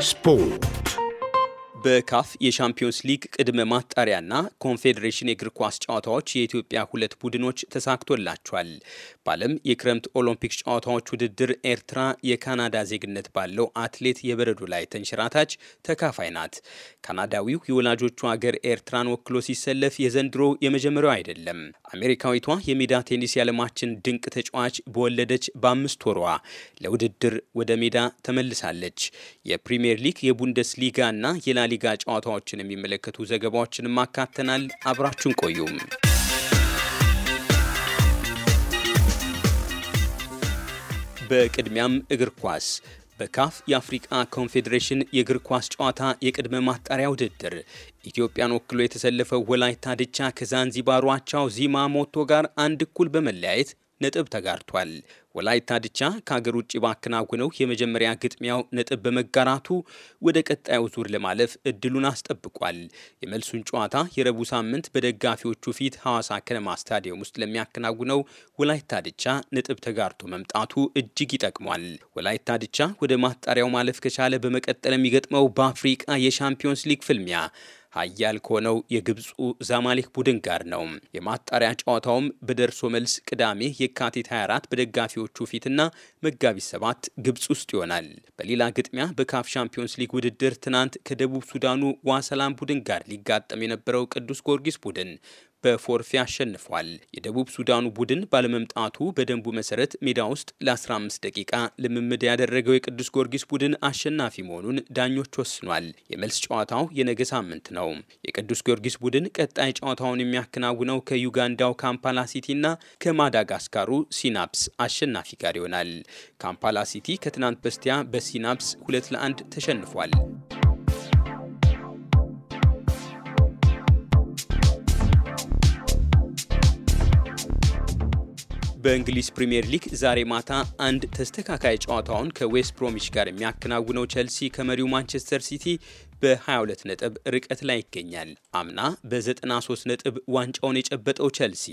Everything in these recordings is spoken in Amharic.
Sport. በካፍ የሻምፒዮንስ ሊግ ቅድመ ማጣሪያና ኮንፌዴሬሽን የእግር ኳስ ጨዋታዎች የኢትዮጵያ ሁለት ቡድኖች ተሳክቶላቸዋል። በዓለም የክረምት ኦሎምፒክስ ጨዋታዎች ውድድር ኤርትራ የካናዳ ዜግነት ባለው አትሌት የበረዶ ላይ ተንሸራታች ተካፋይ ናት። ካናዳዊው የወላጆቹ ሀገር ኤርትራን ወክሎ ሲሰለፍ የዘንድሮ የመጀመሪያው አይደለም። አሜሪካዊቷ የሜዳ ቴኒስ የዓለማችን ድንቅ ተጫዋች በወለደች በአምስት ወሯ ለውድድር ወደ ሜዳ ተመልሳለች። የፕሪምየር ሊግ የቡንደስ ሊጋ እና የላሊ ሊጋ ጨዋታዎችን የሚመለከቱ ዘገባዎችን ማካተናል። አብራችሁን ቆዩም። በቅድሚያም እግር ኳስ በካፍ የአፍሪቃ ኮንፌዴሬሽን የእግር ኳስ ጨዋታ የቅድመ ማጣሪያ ውድድር ኢትዮጵያን ወክሎ የተሰለፈው ወላይታ ድቻ ከዛንዚባሯቻው ዚማ ሞቶ ጋር አንድ እኩል በመለያየት ነጥብ ተጋርቷል። ወላይታ ድቻ ከሀገር ውጭ ባከናወነው የመጀመሪያ ግጥሚያው ነጥብ በመጋራቱ ወደ ቀጣዩ ዙር ለማለፍ እድሉን አስጠብቋል። የመልሱን ጨዋታ የረቡ ሳምንት በደጋፊዎቹ ፊት ሐዋሳ ከነማ ስታዲየም ውስጥ ለሚያከናውነው ወላይታ ድቻ ነጥብ ተጋርቶ መምጣቱ እጅግ ይጠቅሟል። ወላይታ ድቻ ወደ ማጣሪያው ማለፍ ከቻለ በመቀጠል የሚገጥመው በአፍሪቃ የሻምፒዮንስ ሊግ ፍልሚያ ሀያል ከሆነው የግብፁ ዛማሌክ ቡድን ጋር ነው። የማጣሪያ ጨዋታውም በደርሶ መልስ ቅዳሜ የካቲት 24 በደጋፊዎቹ ፊትና መጋቢት ሰባት ግብፅ ውስጥ ይሆናል። በሌላ ግጥሚያ በካፍ ሻምፒዮንስ ሊግ ውድድር ትናንት ከደቡብ ሱዳኑ ዋሰላም ቡድን ጋር ሊጋጠም የነበረው ቅዱስ ጊዮርጊስ ቡድን በፎርፌ አሸንፏል። የደቡብ ሱዳኑ ቡድን ባለመምጣቱ በደንቡ መሰረት ሜዳ ውስጥ ለ15 ደቂቃ ልምምድ ያደረገው የቅዱስ ጊዮርጊስ ቡድን አሸናፊ መሆኑን ዳኞች ወስኗል። የመልስ ጨዋታው የነገ ሳምንት ነው። የቅዱስ ጊዮርጊስ ቡድን ቀጣይ ጨዋታውን የሚያከናውነው ከዩጋንዳው ካምፓላ ሲቲና ከማዳጋስካሩ ሲናፕስ አሸናፊ ጋር ይሆናል። ካምፓላ ሲቲ ከትናንት በስቲያ በሲናፕስ ሁለት ለአንድ ተሸንፏል። በእንግሊዝ ፕሪምየር ሊግ ዛሬ ማታ አንድ ተስተካካይ ጨዋታውን ከዌስት ብሮሚች ጋር የሚያከናውነው ቸልሲ ከመሪው ማንቸስተር ሲቲ በ22 ነጥብ ርቀት ላይ ይገኛል። አምና በ93 ነጥብ ዋንጫውን የጨበጠው ቸልሲ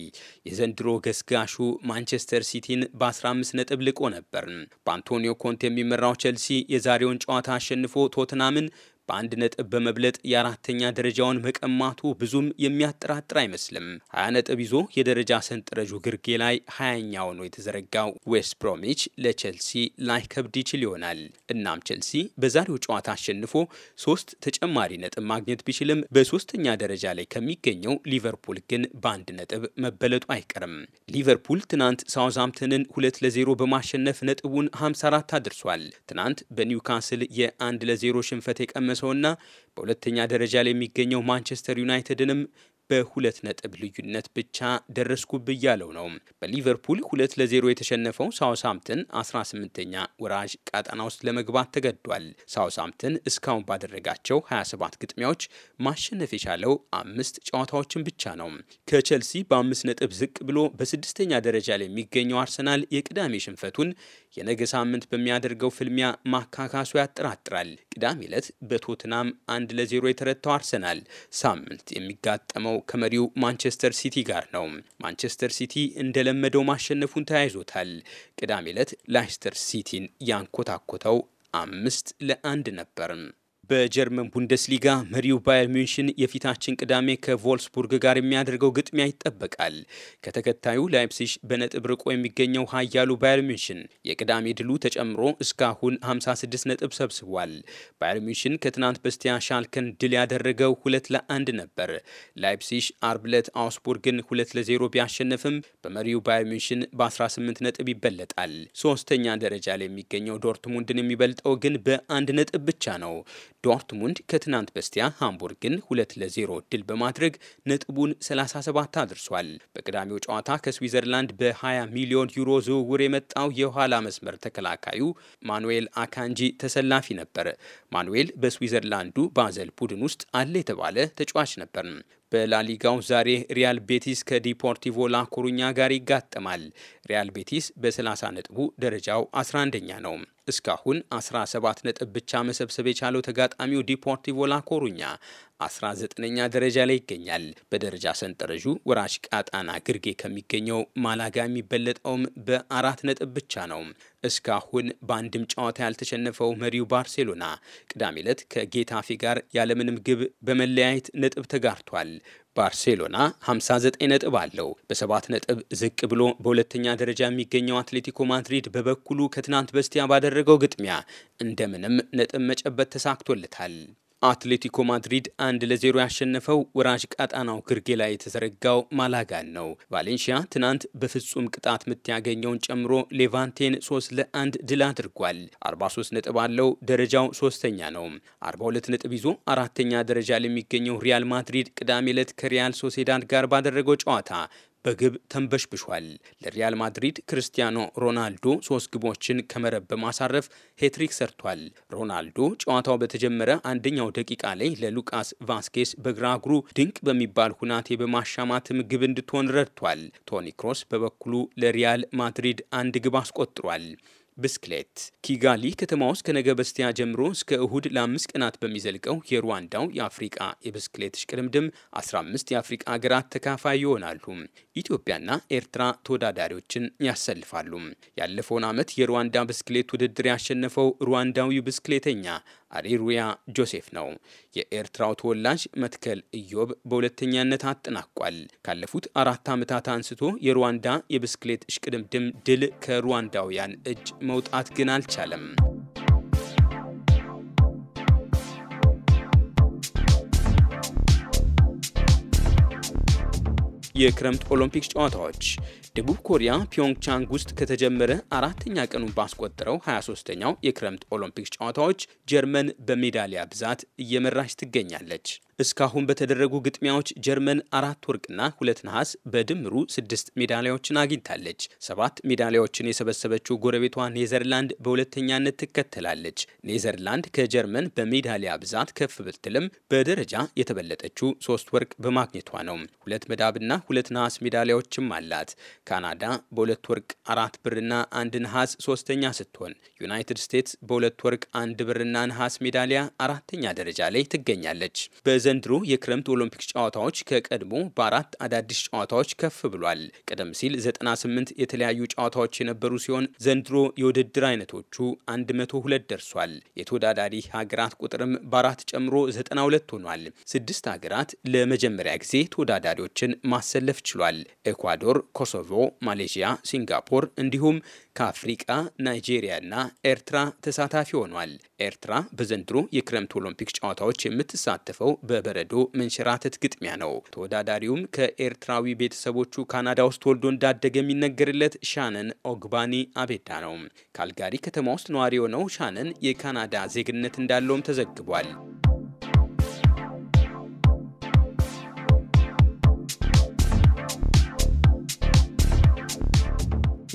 የዘንድሮ ገስጋሹ ማንቸስተር ሲቲን በ15 ነጥብ ልቆ ነበር። በአንቶኒዮ ኮንቴ የሚመራው ቸልሲ የዛሬውን ጨዋታ አሸንፎ ቶትናምን በአንድ ነጥብ በመብለጥ የአራተኛ ደረጃውን መቀማቱ ብዙም የሚያጠራጥር አይመስልም። ሀያ ነጥብ ይዞ የደረጃ ሰንጠረዡ ግርጌ ላይ ሀያኛው ነው የተዘረጋው። ዌስት ብሮሚች ለቼልሲ ላይከብድ ይችል ይሆናል። እናም ቼልሲ በዛሬው ጨዋታ አሸንፎ ሶስት ተጨማሪ ነጥብ ማግኘት ቢችልም በሶስተኛ ደረጃ ላይ ከሚገኘው ሊቨርፑል ግን በአንድ ነጥብ መበለጡ አይቀርም። ሊቨርፑል ትናንት ሳውዝሃምፕተንን ሁለት ለዜሮ በማሸነፍ ነጥቡን 54 አድርሷል። ትናንት በኒውካስል የአንድ ለዜሮ ሽንፈት የቀመ ያነሰውና በሁለተኛ ደረጃ ላይ የሚገኘው ማንቸስተር ዩናይትድንም በሁለት ነጥብ ልዩነት ብቻ ደረስኩብ እያለው ነው። በሊቨርፑል ሁለት ለዜሮ የተሸነፈው ሳውስሃምፕተን 18ኛ ወራጅ ቀጠና ውስጥ ለመግባት ተገዷል። ሳውስሃምፕተን እስካሁን ባደረጋቸው 27 ግጥሚያዎች ማሸነፍ የቻለው አምስት ጨዋታዎችን ብቻ ነው። ከቼልሲ በአምስት ነጥብ ዝቅ ብሎ በስድስተኛ ደረጃ ላይ የሚገኘው አርሰናል የቅዳሜ ሽንፈቱን የነገ ሳምንት በሚያደርገው ፍልሚያ ማካካሱ ያጠራጥራል። ቅዳሜ ዕለት በቶትናም አንድ ለዜሮ የተረታው አርሰናል ሳምንት የሚጋጠመው ከመሪው ማንቸስተር ሲቲ ጋር ነው። ማንቸስተር ሲቲ እንደለመደው ማሸነፉን ተያይዞታል። ቅዳሜ ዕለት ላይስተር ሲቲን ያንኮታኮተው አምስት ለአንድ ነበርም። በጀርመን ቡንደስሊጋ መሪው ባየር ሚንሽን የፊታችን ቅዳሜ ከቮልስቡርግ ጋር የሚያደርገው ግጥሚያ ይጠበቃል። ከተከታዩ ላይፕሲሽ በነጥብ ርቆ የሚገኘው ኃያሉ ባየር ሚንሽን የቅዳሜ ድሉ ተጨምሮ እስካሁን 56 ነጥብ ሰብስቧል። ባየር ሚንሽን ከትናንት በስቲያ ሻልከን ድል ያደረገው ሁለት ለአንድ ነበር። ላይፕሲሽ አርብ ዕለት አውስቡርግን ሁለት ለዜሮ ቢያሸንፍም በመሪው ባየር ሚንሽን በ18 ነጥብ ይበለጣል። ሶስተኛ ደረጃ ላይ የሚገኘው ዶርትሙንድን የሚበልጠው ግን በአንድ ነጥብ ብቻ ነው። ዶርትሙንድ ከትናንት በስቲያ ሃምቡርግን ሁለት ለዜሮ ድል በማድረግ ነጥቡን 37 አድርሷል። በቅዳሜው ጨዋታ ከስዊዘርላንድ በ20 ሚሊዮን ዩሮ ዝውውር የመጣው የኋላ መስመር ተከላካዩ ማኑኤል አካንጂ ተሰላፊ ነበር። ማኑኤል በስዊዘርላንዱ ባዘል ቡድን ውስጥ አለ የተባለ ተጫዋች ነበር። በላሊጋው ዛሬ ሪያል ቤቲስ ከዲፖርቲቮ ላኮሩኛ ጋር ይጋጠማል። ሪያል ቤቲስ በ30 ነጥቡ ደረጃው 11ኛ ነው። እስካሁን 17 ነጥብ ብቻ መሰብሰብ የቻለው ተጋጣሚው ዲፖርቲቮ ላኮሩኛ 19ኛ ደረጃ ላይ ይገኛል። በደረጃ ሰንጠረዡ ወራሽ ቃጣና ግርጌ ከሚገኘው ማላጋ የሚበለጠውም በአራት ነጥብ ብቻ ነው። እስካሁን በአንድም ጨዋታ ያልተሸነፈው መሪው ባርሴሎና ቅዳሜ ዕለት ከጌታፌ ጋር ያለምንም ግብ በመለያየት ነጥብ ተጋርቷል። ባርሴሎና 59 ነጥብ አለው። በሰባት ነጥብ ዝቅ ብሎ በሁለተኛ ደረጃ የሚገኘው አትሌቲኮ ማድሪድ በበኩሉ ከትናንት በስቲያ ባደረገው ግጥሚያ እንደምንም ነጥብ መጨበት ተሳክቶለታል። አትሌቲኮ ማድሪድ አንድ ለዜሮ ያሸነፈው ወራጅ ቀጣናው ግርጌ ላይ የተዘረጋው ማላጋን ነው። ቫሌንሺያ ትናንት በፍጹም ቅጣት ምት ያገኘውን ጨምሮ ሌቫንቴን ሶስት ለአንድ ድል አድርጓል። 43 ነጥብ አለው። ደረጃው ሶስተኛ ነው። 42 ነጥብ ይዞ አራተኛ ደረጃ ለሚገኘው ሪያል ማድሪድ ቅዳሜ ዕለት ከሪያል ሶሴዳድ ጋር ባደረገው ጨዋታ በግብ ተንበሽብሿል። ለሪያል ማድሪድ ክርስቲያኖ ሮናልዶ ሶስት ግቦችን ከመረብ በማሳረፍ ሄትሪክ ሰርቷል። ሮናልዶ ጨዋታው በተጀመረ አንደኛው ደቂቃ ላይ ለሉቃስ ቫስኬስ በግራ እግሩ ድንቅ በሚባል ሁናቴ በማሻማትም ግብ እንድትሆን ረድቷል። ቶኒ ክሮስ በበኩሉ ለሪያል ማድሪድ አንድ ግብ አስቆጥሯል። ብስክሌት ኪጋሊ ከተማ ውስጥ ከነገ በስቲያ ጀምሮ እስከ እሁድ ለአምስት ቀናት በሚዘልቀው የሩዋንዳው የአፍሪቃ የብስክሌት እሽቅድምድም 15 የአፍሪቃ ሀገራት ተካፋይ ይሆናሉ። ኢትዮጵያና ኤርትራ ተወዳዳሪዎችን ያሰልፋሉ። ያለፈውን ዓመት የሩዋንዳ ብስክሌት ውድድር ያሸነፈው ሩዋንዳዊ ብስክሌተኛ አሪሩያ ጆሴፍ ነው። የኤርትራው ተወላጅ መትከል ኢዮብ በሁለተኛነት አጠናቋል። ካለፉት አራት ዓመታት አንስቶ የሩዋንዳ የብስክሌት እሽቅድምድም ድል ከሩዋንዳውያን እጅ መውጣት ግን አልቻለም። የክረምት ኦሎምፒክስ ጨዋታዎች ደቡብ ኮሪያ ፒዮንግቻንግ ውስጥ ከተጀመረ አራተኛ ቀኑ ባስቆጠረው 23ኛው የክረምት ኦሎምፒክስ ጨዋታዎች ጀርመን በሜዳሊያ ብዛት እየመራች ትገኛለች። እስካሁን በተደረጉ ግጥሚያዎች ጀርመን አራት ወርቅና ሁለት ነሐስ በድምሩ ስድስት ሜዳሊያዎችን አግኝታለች። ሰባት ሜዳሊያዎችን የሰበሰበችው ጎረቤቷ ኔዘርላንድ በሁለተኛነት ትከተላለች። ኔዘርላንድ ከጀርመን በሜዳሊያ ብዛት ከፍ ብትልም በደረጃ የተበለጠችው ሶስት ወርቅ በማግኘቷ ነው። ሁለት መዳብና ሁለት ነሐስ ሜዳሊያዎችም አላት። ካናዳ በሁለት ወርቅ አራት ብርና አንድ ነሐስ ሶስተኛ ስትሆን ዩናይትድ ስቴትስ በሁለት ወርቅ አንድ ብርና ነሐስ ሜዳሊያ አራተኛ ደረጃ ላይ ትገኛለች። በዘንድሮ የክረምት ኦሎምፒክ ጨዋታዎች ከቀድሞ በአራት አዳዲስ ጨዋታዎች ከፍ ብሏል። ቀደም ሲል 98 የተለያዩ ጨዋታዎች የነበሩ ሲሆን ዘንድሮ የውድድር አይነቶቹ 102 ደርሷል። የተወዳዳሪ ሀገራት ቁጥርም በአራት ጨምሮ 92 ሆኗል። ስድስት ሀገራት ለመጀመሪያ ጊዜ ተወዳዳሪዎችን ማሰለፍ ችሏል። ኤኳዶር፣ ኮሶቮ፣ ማሌዥያ፣ ሲንጋፖር እንዲሁም ከአፍሪቃ ናይጄሪያና ኤርትራ ተሳታፊ ሆኗል። ኤርትራ በዘንድሮ የክረምት ኦሎምፒክ ጨዋታዎች የምትሳተፈው በበረዶ መንሸራተት ግጥሚያ ነው። ተወዳዳሪውም ከኤርትራዊ ቤተሰቦቹ ካናዳ ውስጥ ተወልዶ እንዳደገ የሚነገርለት ሻነን ኦግባኒ አቤዳ ነው። ካልጋሪ ከተማ ውስጥ ነዋሪ የሆነው ሻነን የካናዳ ዜግነት እንዳለውም ተዘግቧል።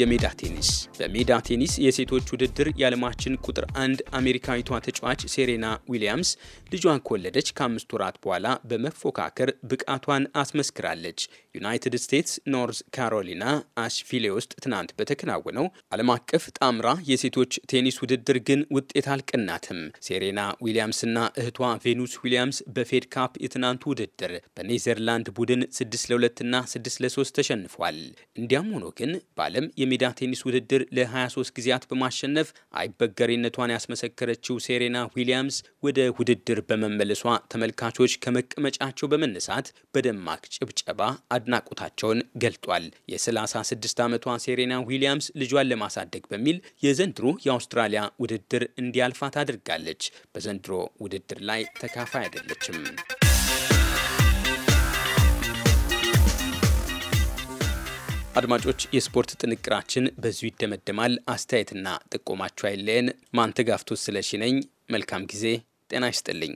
የሜዳ ቴኒስ በሜዳ ቴኒስ የሴቶች ውድድር የዓለማችን ቁጥር አንድ አሜሪካዊቷ ተጫዋች ሴሬና ዊሊያምስ ልጇን ከወለደች ከአምስት ወራት በኋላ በመፎካከር ብቃቷን አስመስክራለች። ዩናይትድ ስቴትስ ኖርዝ ካሮሊና አሽቪሌ ውስጥ ትናንት በተከናወነው ዓለም አቀፍ ጣምራ የሴቶች ቴኒስ ውድድር ግን ውጤት አልቀናትም። ሴሬና ዊሊያምስና እህቷ ቬኑስ ዊሊያምስ በፌድ ካፕ የትናንቱ ውድድር በኔዘርላንድ ቡድን 6 ለ2 እና 6 ለ3 ተሸንፏል። እንዲያም ሆኖ ግን በዓለም የሜዳ ቴኒስ ውድድር ለ23 ጊዜያት በማሸነፍ አይበገሬነቷን ያስመሰከረችው ሴሬና ዊሊያምስ ወደ ውድድር በመመለሷ ተመልካቾች ከመቀመጫቸው በመነሳት በደማቅ ጭብጨባ አድናቆታቸውን ገልጧል። የ36 ዓመቷ ሴሬና ዊሊያምስ ልጇን ለማሳደግ በሚል የዘንድሮ የአውስትራሊያ ውድድር እንዲያልፋት አድርጋለች። በዘንድሮ ውድድር ላይ ተካፋይ አይደለችም። አድማጮች፣ የስፖርት ጥንቅራችን በዚሁ ይደመደማል። አስተያየትና ጥቆማችሁ አይለየን። ማንተጋፍቶ ስለሺ ነኝ። መልካም ጊዜ። ጤና ይስጥልኝ።